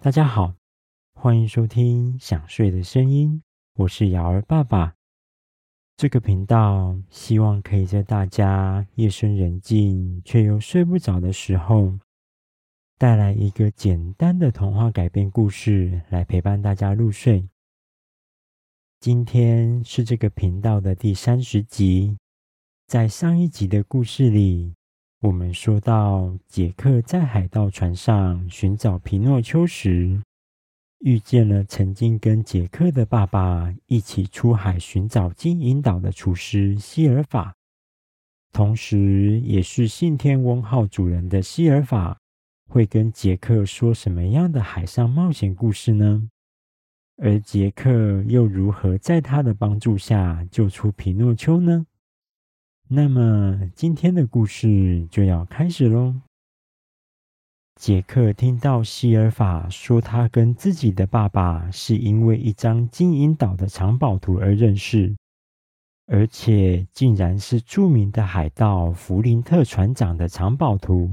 大家好，歡迎收聽《想睡的聲音》，我是堯兒爸爸。這個頻道希望可以在大家夜深人靜卻又睡不着的時候，帶來一個簡單的童話改編故事，來陪伴大家入睡。今天是這個頻道的第三十集，在上一集的故事裡，我們說到，傑克在海盜船上尋找皮諾丘時，遇見了曾經跟傑克的爸爸一起出海尋找金銀島的廚師西爾法，同時也是信天翁號主人的西爾法，會跟傑克說什麼樣的海上冒險故事呢？而傑克又如何在他的幫助下救出皮諾丘呢？那麼今天的故事就要開始嘍。杰克聽到西爾法說他跟自己的爸爸是因為一張金銀島的藏寶圖而認識，而且竟然是著名的海盜弗林特船長的藏寶圖，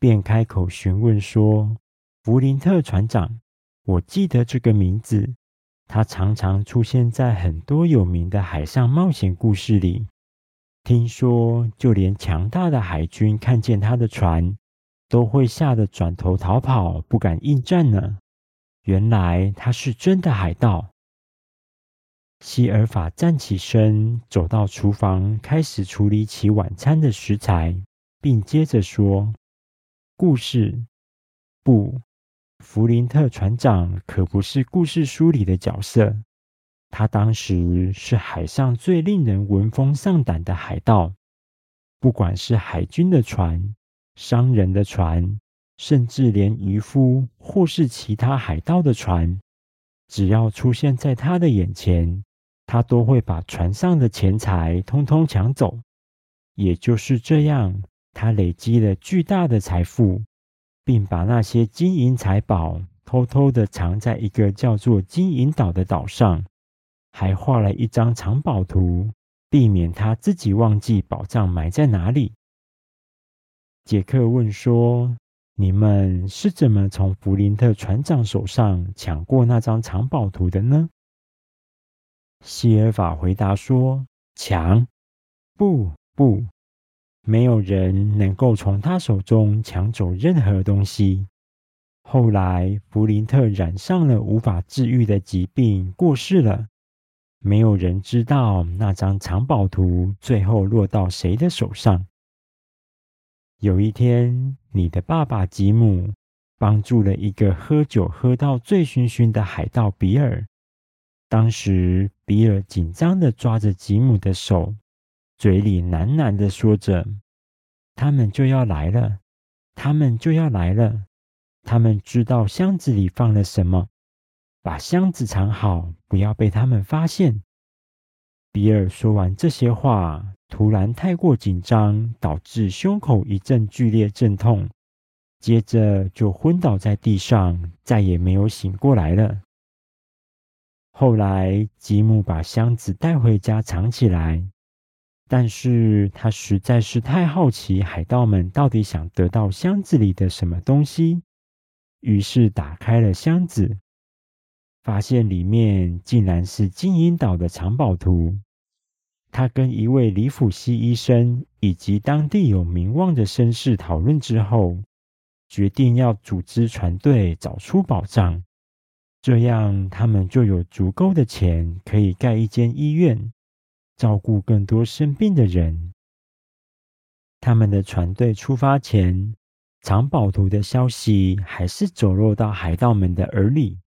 便開口詢問說：“弗林特船長，我記得這個名字，他常常出現在很多有名的海上冒險故事裡。”聽說，就連強大的海軍看見他的船，都會嚇得轉頭逃跑，不敢應戰呢。原來他是真的海盜。西爾法站起身，走到廚房，開始處理起晚餐的食材，並接着說故事。“不，弗林特船長可不是故事書裡的角色。”他當時是海上最令人聞風喪膽的海盜，不管是海軍的船，商人的船，甚至連漁夫或是其他海盜的船，只要出現在他的眼前，他都會把船上的錢財通通搶走。也就是這樣，他累積了巨大的財富，並把那些金銀財寶偷偷的藏在一個叫做金銀島的島上。還畫了一張藏寶圖，避免他自己忘記寶藏埋在哪裡。傑克問說：“你們是怎麼從弗林特船長手上搶過那張藏寶圖的呢？”西爾法回答說：“搶？不，不，沒有人能夠從他手中搶走任何東西。”後來，弗林特染上了無法治癒的疾病，過世了。沒有人知道那張藏寶圖最後落到誰的手上。有一天，你的爸爸吉姆幫助了一個喝酒喝到醉醺醺的海盜比爾。當時，比爾緊張地抓着吉姆的手，嘴裡喃喃地說着：“他們就要來了，他們就要來了，他們知道箱子裡放了什麼。”把箱子藏好，不要被他們發現。比爾說完這些話，突然太過緊張，導致胸口一陣劇烈陣痛，接着就昏倒在地上，再也沒有醒過來了。後來，吉姆把箱子帶回家藏起來，但是他實在是太好奇海盜們到底想得到箱子裡的什麼東西，於是打開了箱子。發現裡面竟然是金銀島的藏寶圖。他跟一位李府西醫生以及當地有名望的紳士討論之後，決定要組織船隊找出寶藏。這樣，他們就有足夠的錢可以蓋一間醫院，照顧更多生病的人。他們的船隊出發前，藏寶圖的消息還是走漏到海盜們的耳裡。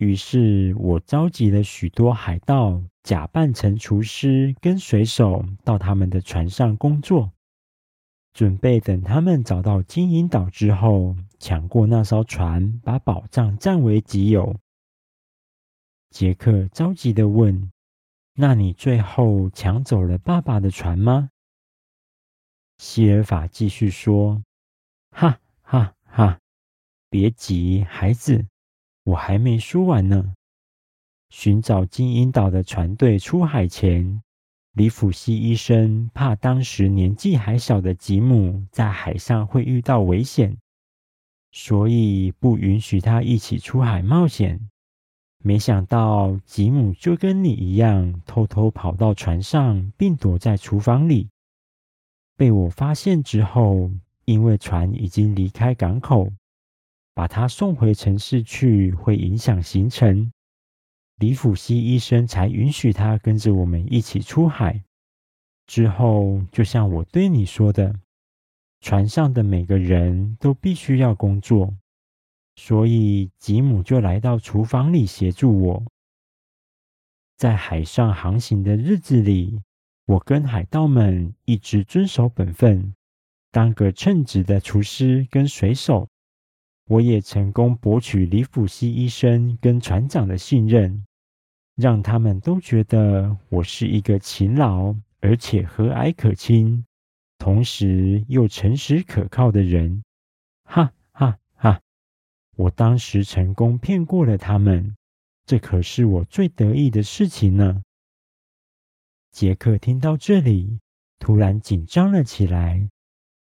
於是我召集了許多海盜，假扮成廚師跟水手，到他們的船上工作，準備等他們找到金銀島之後，搶過那艘船，把寶藏佔為己有。傑克着急的問：“那你最後搶走了爸爸的船嗎？”西爾法繼續說：“哈哈哈，別急，孩子。”我還沒說完呢。尋找金銀島的船隊出海前，李府西醫生怕當時年紀還小的吉姆在海上會遇到危險，所以不允許他一起出海冒險。沒想到吉姆就跟你一樣，偷偷跑到船上，並躲在廚房裡。被我發現之後，因為船已經離開港口，把他送回城市去會影響行程，李府希醫生才允許他跟着我們一起出海。之後，就像我對你說的，船上的每個人都必須要工作，所以吉姆就來到廚房裡協助我。在海上航行的日子裡，我跟海盜們一直遵守本分，當個稱職的廚師跟水手。我也成功博取李甫西醫生跟船長的信任，讓他們都覺得我是一個勤勞而且和藹可親，同時又誠實可靠的人。哈哈哈！我當時成功騙過了他們，這可是我最得意的事情呢。傑克聽到這裡，突然緊張了起來。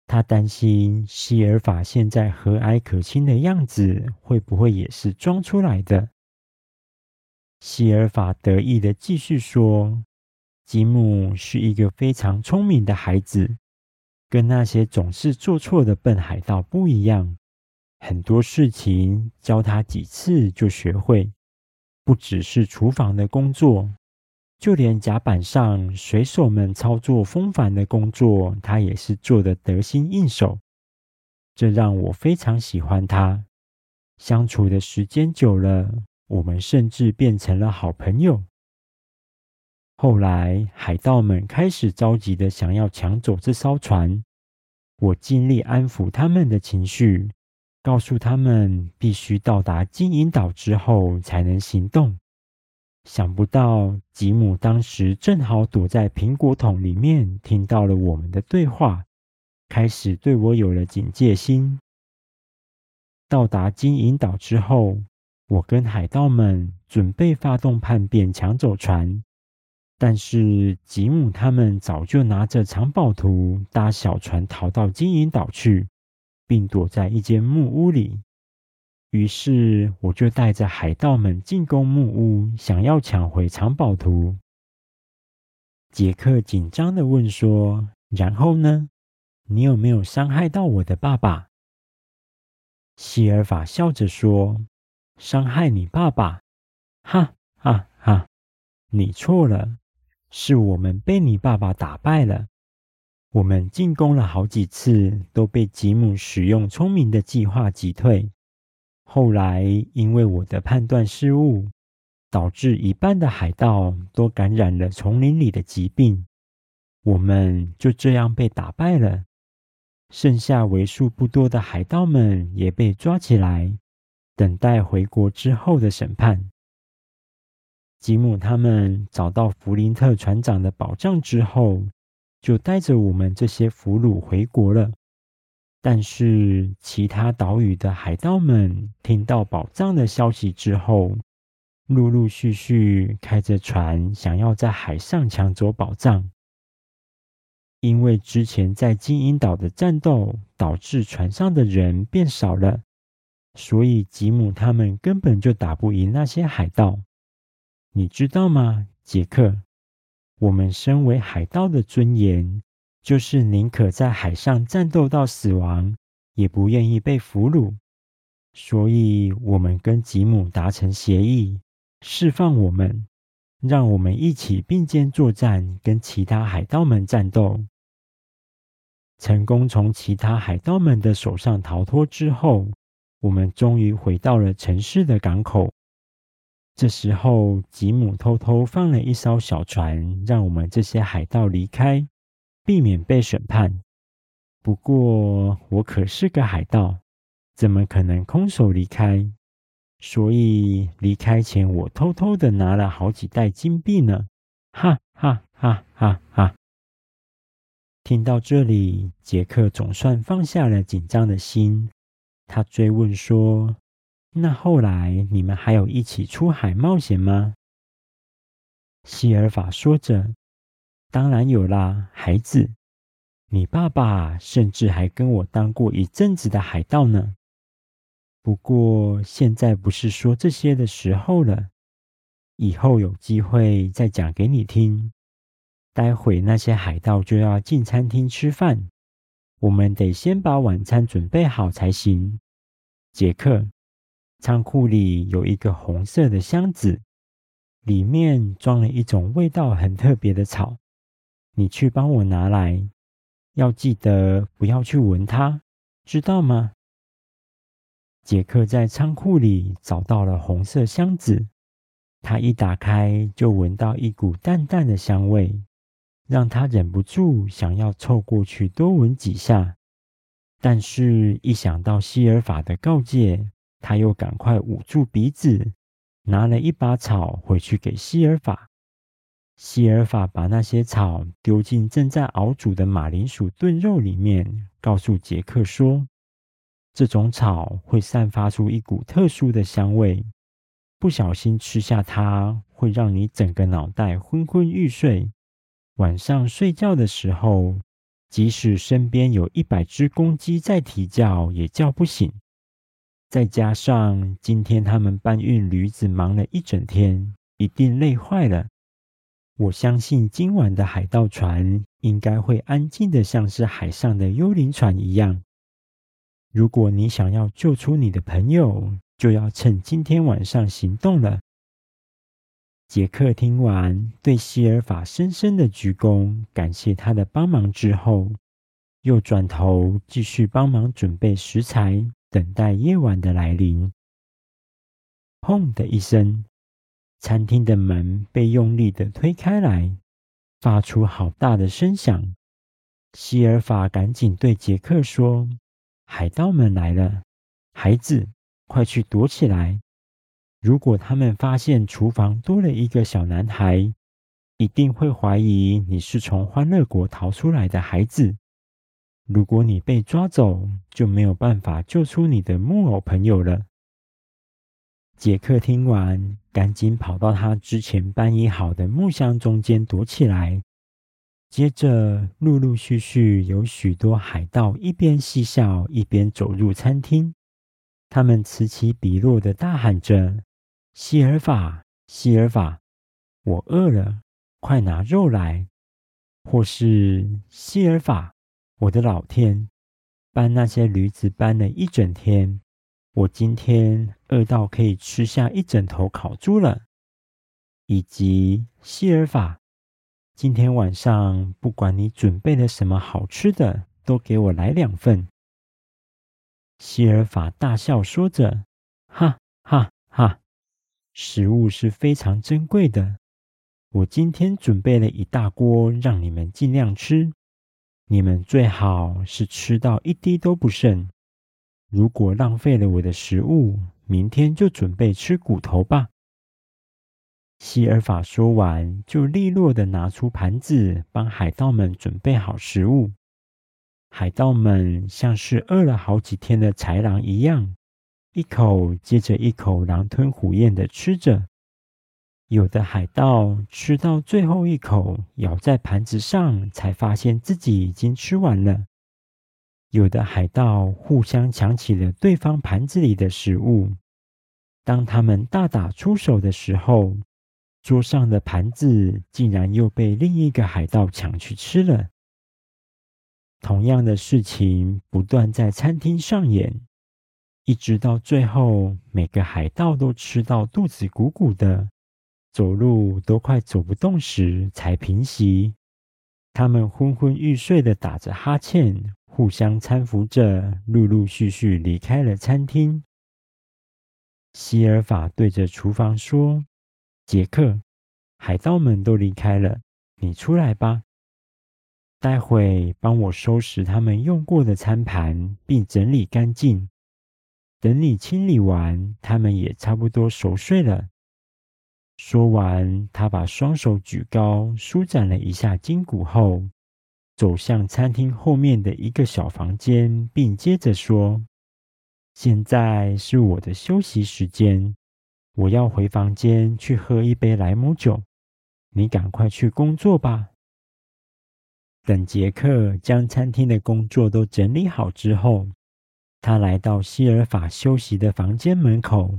他擔心西爾法現在和藹可親的樣子會不會也是裝出來的？西爾法得意地繼續說：“吉姆是一個非常聰明的孩子，跟那些總是做錯的笨海盜不一樣。很多事情教他幾次就學會，不只是廚房的工作。”就連甲板上水手們操作風帆的工作，他也是做得得心應手。這讓我非常喜歡他。相處的時間久了，我們甚至變成了好朋友。後來，海盜們開始着急的想要搶走這艘船，我盡力安撫他們的情緒，告訴他們必須到達金銀島之後才能行動。想不到，吉姆當時正好躲在蘋果桶裡面，聽到了我們的對話，開始對我有了警戒心。到達金銀島之後，我跟海盜們準備發動叛變，搶走船。但是吉姆他們早就拿着藏寶圖，搭小船逃到金銀島去，並躲在一間木屋裡。於是我就帶着海盜們進攻木屋，想要搶回藏寶圖。傑克緊張地問說：“然後呢？你有沒有傷害到我的爸爸？”西爾法笑着說：“傷害你爸爸？哈哈哈！你錯了，是我們被你爸爸打敗了。我們進攻了好幾次，都被吉姆使用聰明的計劃擊退。”後來，因為我的判斷失誤，導致一半的海盜都感染了叢林裡的疾病，我們就這樣被打敗了。剩下為數不多的海盜們也被抓起來，等待回國之後的審判。吉姆他們找到弗林特船長的寶藏之後，就帶着我們這些俘虜回國了。但是，其他島嶼的海盜們聽到寶藏的消息之後，陸陸續續開着船，想要在海上搶走寶藏。因為之前在金銀島的戰鬥，導致船上的人變少了，所以吉姆他們根本就打不贏那些海盜。你知道嗎，傑克？我們身為海盜的尊嚴。就是寧可在海上戰鬥到死亡，也不願意被俘虜。所以，我們跟吉姆達成協議，釋放我們，讓我們一起並肩作戰，跟其他海盜們戰鬥。成功從其他海盜們的手上逃脫之後，我們終於回到了城市的港口。這時候，吉姆偷偷放了一艘小船，讓我們這些海盜離開。避免被審判。不過我可是個海盜，怎麼可能空手離開？所以離開前，我偷偷的拿了好幾袋金幣呢！哈哈哈哈哈！聽到這裡，傑克總算放下了緊張的心。他追問說：“那後來你們還有一起出海冒險嗎？”西爾法說着。當然有啦，孩子，你爸爸甚至還跟我當過一陣子的海盜呢。不過現在不是說這些的時候了，以後有機會再講給你聽。待會那些海盜就要進餐廳吃飯，我們得先把晚餐準備好才行。傑克，倉庫裡有一個紅色的箱子，裡面裝了一種味道很特別的草。你去幫我拿來，要記得不要去聞它，知道嗎？傑克在倉庫裡找到了紅色箱子，他一打開就聞到一股淡淡的香味，讓他忍不住想要湊過去多聞幾下。但是一想到西爾法的告誡，他又趕快捂住鼻子，拿了一把草回去給西爾法。西爾法把那些草丟進正在熬煮的馬鈴薯燉肉裡面，告訴傑克說：“這種草會散發出一股特殊的香味，不小心吃下它，會讓你整個腦袋昏昏欲睡。晚上睡覺的時候，即使身邊有一百隻公雞在啼叫，也叫不醒。再加上今天他們搬運驢子忙了一整天，一定累壞了。”我相信今晚的海盜船應該會安靜的，像是海上的幽靈船一樣。如果你想要救出你的朋友，就要趁今天晚上行動了。傑克聽完，對西爾法深深的鞠躬，感謝他的幫忙之後，又轉頭繼續幫忙準備食材，等待夜晚的來臨。轟的一聲。餐廳的門被用力地推開來，發出好大的聲響。西爾法趕緊對傑克說：“海盜們來了，孩子，快去躲起來！如果他們發現廚房多了一個小男孩，一定會懷疑你是從歡樂國逃出來的孩子。如果你被抓走，就沒有辦法救出你的木偶朋友了。”傑克聽完。趕緊跑到他之前搬移好的木箱中間躲起來。接着，陸陸續續有許多海盜一邊嬉笑，一邊走入餐廳。他們此起彼落的大喊着：“西爾法，西爾法，我餓了，快拿肉來！”或是：“西爾法，我的老天，搬那些驢子搬了一整天。”我今天餓到可以吃下一整頭烤豬了，以及西爾法，今天晚上不管你準備了什麼好吃的，都給我來兩份。西爾法大笑說着，哈哈哈，食物是非常珍貴的，我今天準備了一大鍋，讓你們盡量吃，你們最好是吃到一滴都不剩。如果浪費了我的食物，明天就準備吃骨頭吧。”西爾法說完，就利落的拿出盤子，幫海盜們準備好食物。海盜們像是餓了好幾天的豺狼一樣，一口接着一口狼吞虎嚥的吃着。有的海盜吃到最後一口，咬在盤子上，才發現自己已經吃完了。有的海盜互相搶起了對方盤子裡的食物。當他們大打出手的時候，桌上的盤子竟然又被另一個海盜搶去吃了。同樣的事情不斷在餐廳上演，一直到最後，每個海盜都吃到肚子鼓鼓的，走路都快走不動時才平息。他們昏昏欲睡地打着哈欠。互相攙扶着，陸陸續續離開了餐廳。西爾法對着廚房說：“傑克，海盜們都離開了，你出來吧。待會幫我收拾他們用過的餐盤，並整理乾淨。等你清理完，他們也差不多熟睡了。”說完，他把雙手舉高，舒展了一下筋骨後，走向餐廳後面的一個小房間，並接着說：“現在是我的休息時間，我要回房間去喝一杯萊姆酒。你趕快去工作吧。”等傑克將餐廳的工作都整理好之後，他來到西爾法休息的房間門口，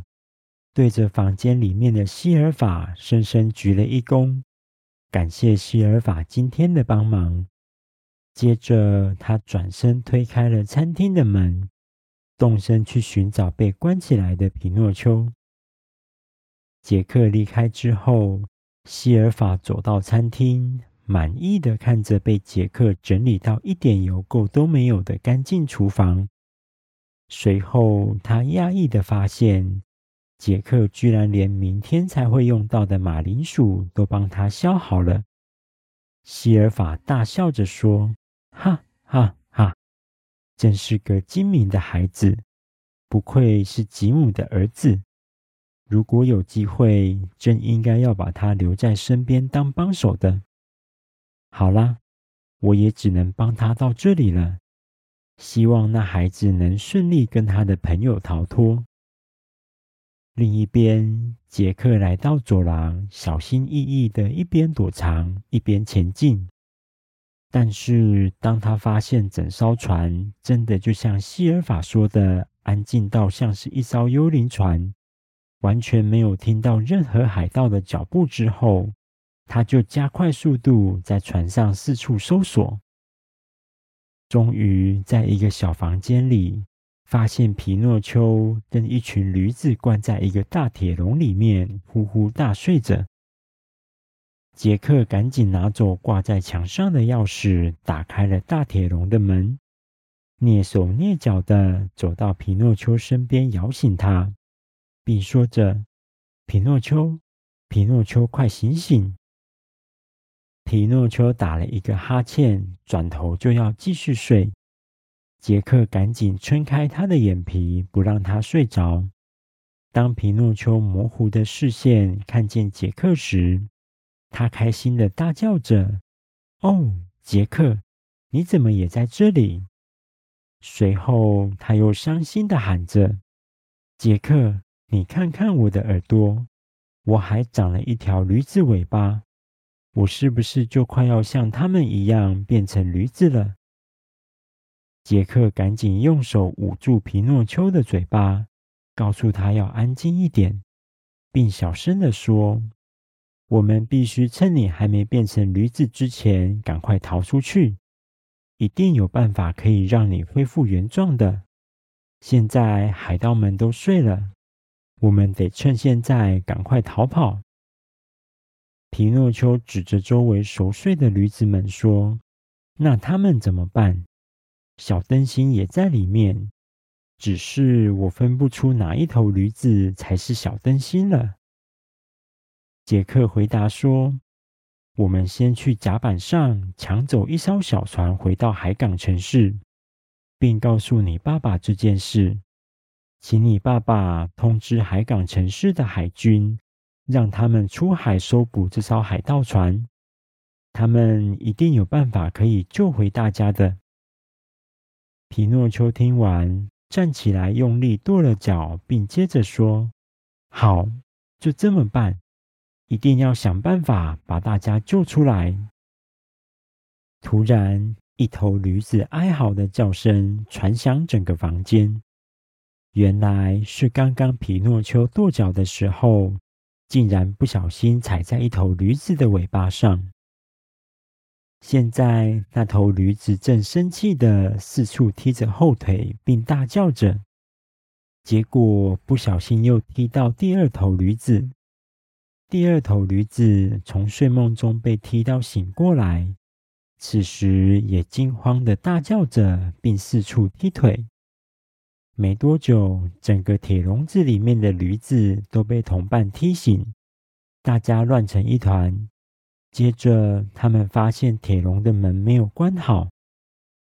對着房間裡面的西爾法深深鞠了一躬，感謝西爾法今天的幫忙。接着，他轉身推開了餐廳的門，動身去尋找被關起來的皮諾丘。傑克離開之後，西爾法走到餐廳，滿意的看着被傑克整理到一點油垢都沒有的乾淨廚房。隨後，他訝異的發現，傑克居然連明天才會用到的馬鈴薯都幫他削好了。西爾法大笑着說。哈哈哈！真是個精明的孩子，不愧是吉姆的兒子。如果有機會，真應該要把他留在身邊當幫手的。好啦，我也只能幫他到這裡了。希望那孩子能順利跟他的朋友逃脫。另一邊，傑克來到走廊，小心翼翼的一邊躲藏，一邊前進。但是，當他發現整艘船真的就像西爾法說的，安靜到像是一艘幽靈船，完全沒有聽到任何海盜的腳步之後，他就加快速度在船上四處搜索。終於，在一個小房間裡，發現皮諾丘跟一群驢子關在一個大鐵籠裡面，呼呼大睡着。傑克趕緊拿走掛在牆上的鑰匙，打開了大鐵籠的門，躡手躡腳地走到皮諾丘身邊，搖醒他，並說着：“皮諾丘，皮諾丘，快醒醒！”皮諾丘打了一個哈欠，轉頭就要繼續睡。傑克趕緊撐開他的眼皮，不讓他睡着。當皮諾丘模糊的視線看見傑克時，他開心地大叫着：“哦，傑克，你怎麼也在這裡？”隨後他又傷心地喊着：“傑克，你看看我的耳朵，我還長了一條驢子尾巴，我是不是就快要像他們一樣變成驢子了？”傑克趕緊用手捂住皮諾丘的嘴巴，告訴他要安靜一點，並小聲地說。我們必須趁你還沒變成驢子之前，趕快逃出去。一定有辦法可以讓你恢復原狀的。現在海盜們都睡了，我們得趁現在趕快逃跑。皮諾丘指着周圍熟睡的驢子們說：“那他們怎麼辦？小燈芯也在裡面，只是我分不出哪一頭驢子才是小燈芯了。”傑克回答說：“我們先去甲板上搶走一艘小船，回到海港城市，並告訴你爸爸這件事。請你爸爸通知海港城市的海軍，讓他們出海搜捕這艘海盜船。他們一定有辦法可以救回大家的。”皮諾丘聽完，站起來用力跺了腳，並接着說：“好，就這麼辦。”一定要想辦法把大家救出來。突然，一頭驢子哀嚎的叫聲傳響整個房間。原來是剛剛皮諾丘跺腳的時候，竟然不小心踩在一頭驢子的尾巴上。現在那頭驢子正生氣的四處踢着後腿，並大叫着。結果不小心又踢到第二頭驢子。第二頭驢子從睡夢中被踢到醒過來，此時也驚慌地大叫着，並四處踢腿。沒多久，整個鐵籠子裡面的驢子都被同伴踢醒，大家亂成一團。接着，他們發現鐵籠的門沒有關好，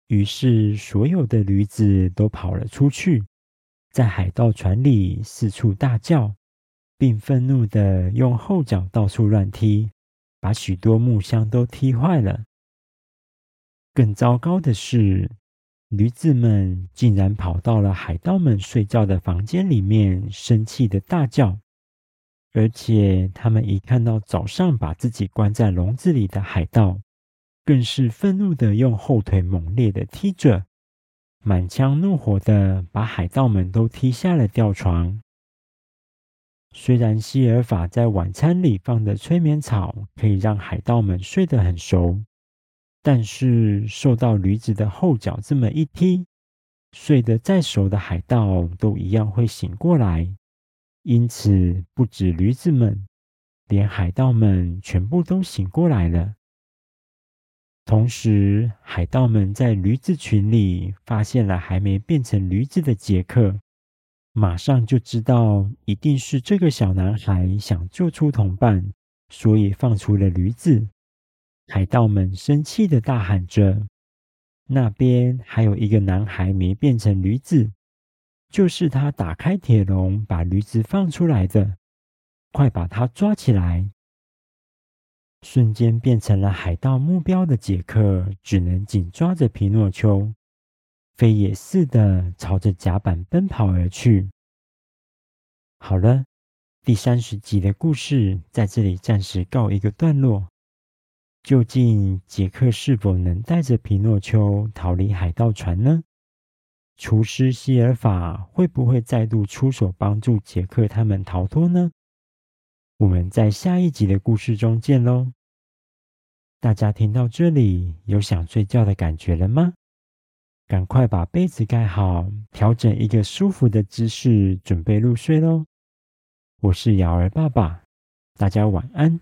於是所有的驢子都跑了出去，在海盜船裡四處大叫。並憤怒地用後腳到處亂踢，把許多木箱都踢壞了。更糟糕的是，驢子們竟然跑到了海盜們睡覺的房間裡面，生氣的大叫。而且，他們一看到早上把自己關在籠子裡的海盜，更是憤怒地用後腿猛烈地踢着，滿腔怒火地把海盜們都踢下了吊床。雖然西爾法在晚餐裡放的催眠草可以讓海盜們睡得很熟，但是受到驢子的後腳這麼一踢，睡得再熟的海盜都一樣會醒過來。因此，不止驢子們，連海盜們全部都醒過來了。同時，海盜們在驢子群裡發現了還沒變成驢子的傑克。馬上就知道，一定是這個小男孩想救出同伴，所以放出了驢子。海盜們生氣的大喊着：“那邊還有一個男孩沒變成驢子，就是他打開鐵籠把驢子放出來的，快把他抓起來！”瞬間變成了海盜目標的傑克，只能緊抓着皮諾丘。飛也似的朝着甲板奔跑而去。好了，第三十集的故事在這裡暫時告一個段落。究竟傑克是否能帶着皮諾丘逃離海盜船呢？廚師西爾法會不會再度出手幫助傑克他們逃脫呢？我們在下一集的故事中見嘍！大家聽到這裡有想睡覺的感覺了嗎？趕快把被子蓋好，調整一個舒服的姿勢，準備入睡嘍。我是堯兒爸爸，大家晚安。